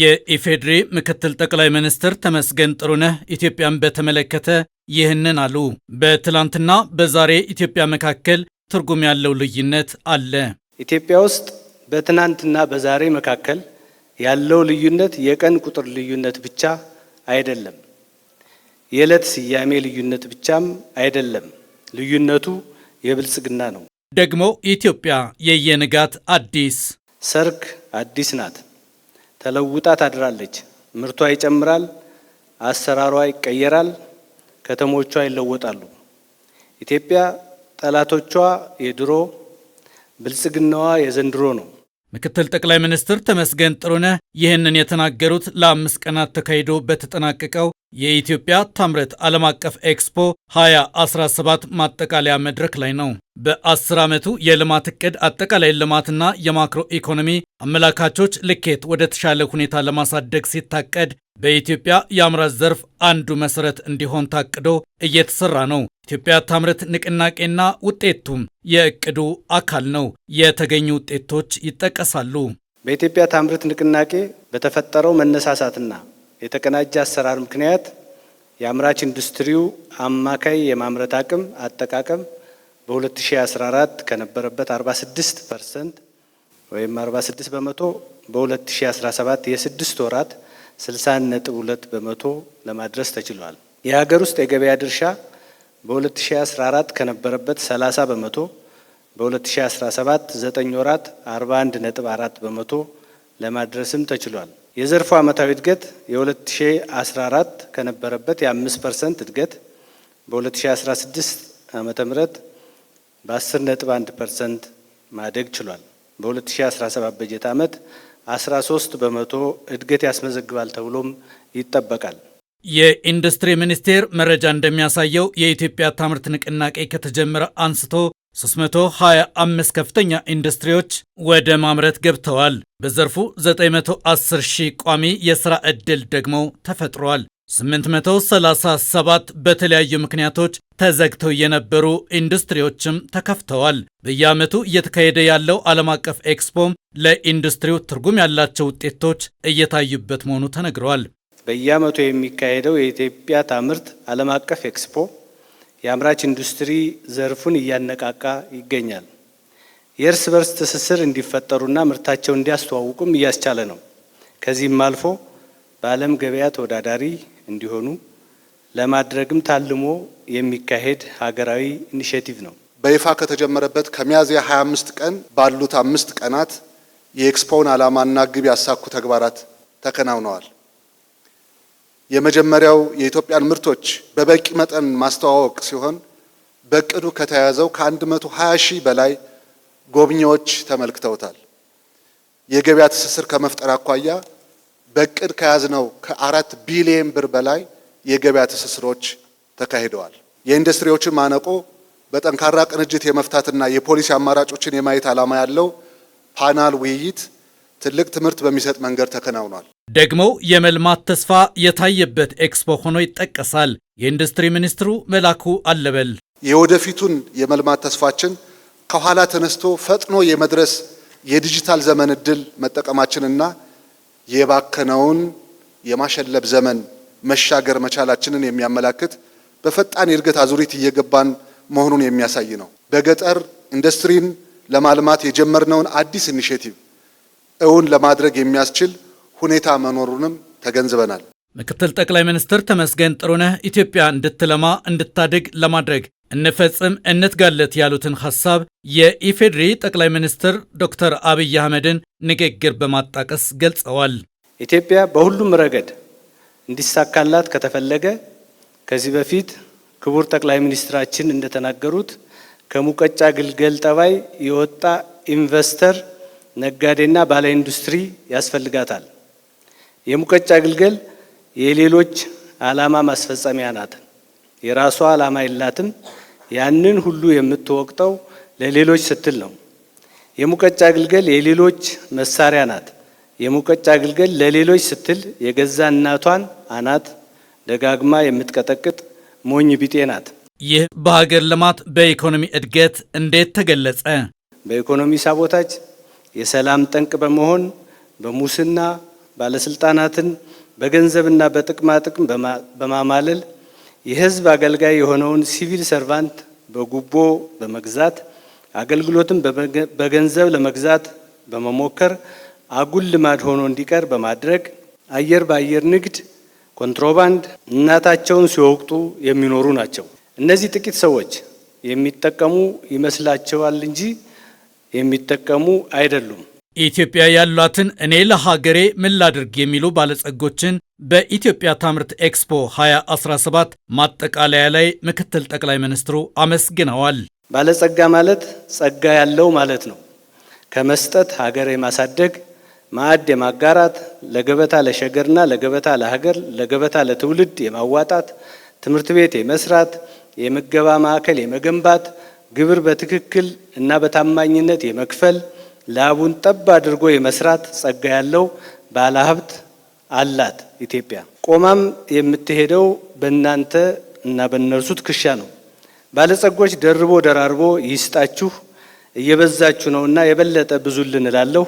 የኢፌድሪ ምክትል ጠቅላይ ሚኒስትር ተመስገን ጥሩነህ ኢትዮጵያን በተመለከተ ይህንን አሉ። በትላንትና በዛሬ ኢትዮጵያ መካከል ትርጉም ያለው ልዩነት አለ። ኢትዮጵያ ውስጥ በትናንትና በዛሬ መካከል ያለው ልዩነት የቀን ቁጥር ልዩነት ብቻ አይደለም፣ የዕለት ስያሜ ልዩነት ብቻም አይደለም። ልዩነቱ የብልጽግና ነው። ደግሞ ኢትዮጵያ የየንጋት አዲስ ሰርክ አዲስ ናት። ተለውጣ ታድራለች። ምርቷ ይጨምራል፣ አሰራሯ ይቀየራል፣ ከተሞቿ ይለወጣሉ። ኢትዮጵያ ጠላቶቿ የድሮ ብልጽግናዋ የዘንድሮ ነው። ምክትል ጠቅላይ ሚኒስትር ተመስገን ጥሩነህ ይህንን የተናገሩት ለአምስት ቀናት ተካሂዶ በተጠናቀቀው የኢትዮጵያ ታምረት ዓለም አቀፍ ኤክስፖ 2017 ማጠቃለያ መድረክ ላይ ነው። በአስር ዓመቱ የልማት እቅድ አጠቃላይ ልማትና የማክሮ ኢኮኖሚ አመላካቾች ልኬት ወደ ተሻለ ሁኔታ ለማሳደግ ሲታቀድ በኢትዮጵያ የአምራት ዘርፍ አንዱ መሰረት እንዲሆን ታቅዶ እየተሰራ ነው። ኢትዮጵያ ታምረት ንቅናቄና ውጤቱም የእቅዱ አካል ነው። የተገኙ ውጤቶች ይጠቀሳሉ። በኢትዮጵያ ታምረት ንቅናቄ በተፈጠረው መነሳሳትና የተቀናጀ አሰራር ምክንያት የአምራች ኢንዱስትሪው አማካይ የማምረት አቅም አጠቃቀም በ2014 ከነበረበት 46 ፐርሰንት ወይም 46 በመቶ በ2017 የስድስት ወራት 60 ነጥብ 2 በመቶ ለማድረስ ተችሏል። የሀገር ውስጥ የገበያ ድርሻ በ2014 ከነበረበት 30 በመቶ በ2017 9 ወራት 41 ነጥብ 4 በመቶ ለማድረስም ተችሏል። የዘርፉ ዓመታዊ እድገት የ2014 ከነበረበት የ5 ፐርሰንት እድገት በ2016 ዓ ም በ 11 ፐርሰንት ማደግ ችሏል። በ2017 በጀት ዓመት 13 በመቶ እድገት ያስመዘግባል ተብሎም ይጠበቃል። የኢንዱስትሪ ሚኒስቴር መረጃ እንደሚያሳየው የኢትዮጵያ ታምርት ንቅናቄ ከተጀመረ አንስቶ 325 ከፍተኛ ኢንዱስትሪዎች ወደ ማምረት ገብተዋል። በዘርፉ 910 ሺህ ቋሚ የሥራ ዕድል ደግሞ ተፈጥሯል። 837 በተለያዩ ምክንያቶች ተዘግተው የነበሩ ኢንዱስትሪዎችም ተከፍተዋል። በየዓመቱ እየተካሄደ ያለው ዓለም አቀፍ ኤክስፖም ለኢንዱስትሪው ትርጉም ያላቸው ውጤቶች እየታዩበት መሆኑ ተነግረዋል። በየዓመቱ የሚካሄደው የኢትዮጵያ ታምርት ዓለም አቀፍ ኤክስፖ የአምራች ኢንዱስትሪ ዘርፉን እያነቃቃ ይገኛል። የእርስ በርስ ትስስር እንዲፈጠሩና ምርታቸውን እንዲያስተዋውቁም እያስቻለ ነው። ከዚህም አልፎ በዓለም ገበያ ተወዳዳሪ እንዲሆኑ ለማድረግም ታልሞ የሚካሄድ ሀገራዊ ኢኒሽቲቭ ነው። በይፋ ከተጀመረበት ከሚያዝያ 25 ቀን ባሉት አምስት ቀናት የኤክስፖውን ዓላማና ግብ ያሳኩ ተግባራት ተከናውነዋል። የመጀመሪያው የኢትዮጵያን ምርቶች በበቂ መጠን ማስተዋወቅ ሲሆን በቅዱ ከተያዘው ከ120 ሺህ በላይ ጎብኚዎች ተመልክተውታል። የገበያ ትስስር ከመፍጠር አኳያ በቅድ ከያዝነው ከአራት ቢሊየን ብር በላይ የገበያ ትስስሮች ተካሂደዋል። የኢንዱስትሪዎችን ማነቆ በጠንካራ ቅንጅት የመፍታትና የፖሊሲ አማራጮችን የማየት ዓላማ ያለው ፓናል ውይይት ትልቅ ትምህርት በሚሰጥ መንገድ ተከናውኗል። ደግሞ የመልማት ተስፋ የታየበት ኤክስፖ ሆኖ ይጠቀሳል። የኢንዱስትሪ ሚኒስትሩ መላኩ አለበል የወደፊቱን የመልማት ተስፋችን ከኋላ ተነስቶ ፈጥኖ የመድረስ የዲጂታል ዘመን እድል መጠቀማችንና የባከነውን የማሸለብ ዘመን መሻገር መቻላችንን የሚያመላክት በፈጣን የእድገት አዙሪት እየገባን መሆኑን የሚያሳይ ነው። በገጠር ኢንዱስትሪን ለማልማት የጀመርነውን አዲስ ኢኒሽቲቭ እውን ለማድረግ የሚያስችል ሁኔታ መኖሩንም ተገንዝበናል። ምክትል ጠቅላይ ሚኒስትር ተመስገን ጥሩነህ ኢትዮጵያ እንድትለማ እንድታድግ ለማድረግ እንፈጽም እንትጋለት ያሉትን ሐሳብ የኢፌዴሪ ጠቅላይ ሚኒስትር ዶክተር አብይ አህመድን ንግግር በማጣቀስ ገልጸዋል። ኢትዮጵያ በሁሉም ረገድ እንዲሳካላት ከተፈለገ ከዚህ በፊት ክቡር ጠቅላይ ሚኒስትራችን እንደተናገሩት ከሙቀጫ ግልገል ጠባይ የወጣ ኢንቨስተር፣ ነጋዴና ባለ ኢንዱስትሪ ያስፈልጋታል። የሙቀጫ ግልገል የሌሎች ዓላማ ማስፈጸሚያ ናት። የራሷ ዓላማ የላትም። ያንን ሁሉ የምትወቅጠው ለሌሎች ስትል ነው። የሙቀጫ ግልገል የሌሎች መሳሪያ ናት። የሙቀጫ ግልገል ለሌሎች ስትል የገዛ እናቷን አናት ደጋግማ የምትቀጠቅጥ ሞኝ ቢጤ ናት። ይህ በሀገር ልማት በኢኮኖሚ እድገት እንዴት ተገለጸ? በኢኮኖሚ ሳቦታች የሰላም ጠንቅ በመሆን በሙስና ባለስልጣናትን በገንዘብና በጥቅማ ጥቅም በማማለል የህዝብ አገልጋይ የሆነውን ሲቪል ሰርቫንት በጉቦ በመግዛት አገልግሎትን በገንዘብ ለመግዛት በመሞከር አጉል ልማድ ሆኖ እንዲቀር በማድረግ አየር በአየር ንግድ፣ ኮንትሮባንድ እናታቸውን ሲወቅጡ የሚኖሩ ናቸው። እነዚህ ጥቂት ሰዎች የሚጠቀሙ ይመስላቸዋል እንጂ የሚጠቀሙ አይደሉም። ኢትዮጵያ ያሏትን እኔ ለሀገሬ ምን ላድርግ የሚሉ ባለጸጎችን በኢትዮጵያ ታምርት ኤክስፖ 2017 ማጠቃለያ ላይ ምክትል ጠቅላይ ሚኒስትሩ አመስግነዋል። ባለጸጋ ማለት ጸጋ ያለው ማለት ነው። ከመስጠት ሀገር የማሳደግ ማዕድ የማጋራት ለገበታ ለሸገርና ለገበታ ለሀገር ለገበታ ለትውልድ የማዋጣት ትምህርት ቤት የመስራት የምገባ ማዕከል የመገንባት ግብር በትክክል እና በታማኝነት የመክፈል ላቡን ጠብ አድርጎ የመስራት ጸጋ ያለው ባለሀብት አላት ኢትዮጵያ። ቆማም የምትሄደው በእናንተ እና በእነርሱ ትከሻ ነው። ባለጸጎች ደርቦ ደራርቦ ይስጣችሁ፣ እየበዛችሁ ነውና የበለጠ ብዙልን እላለሁ።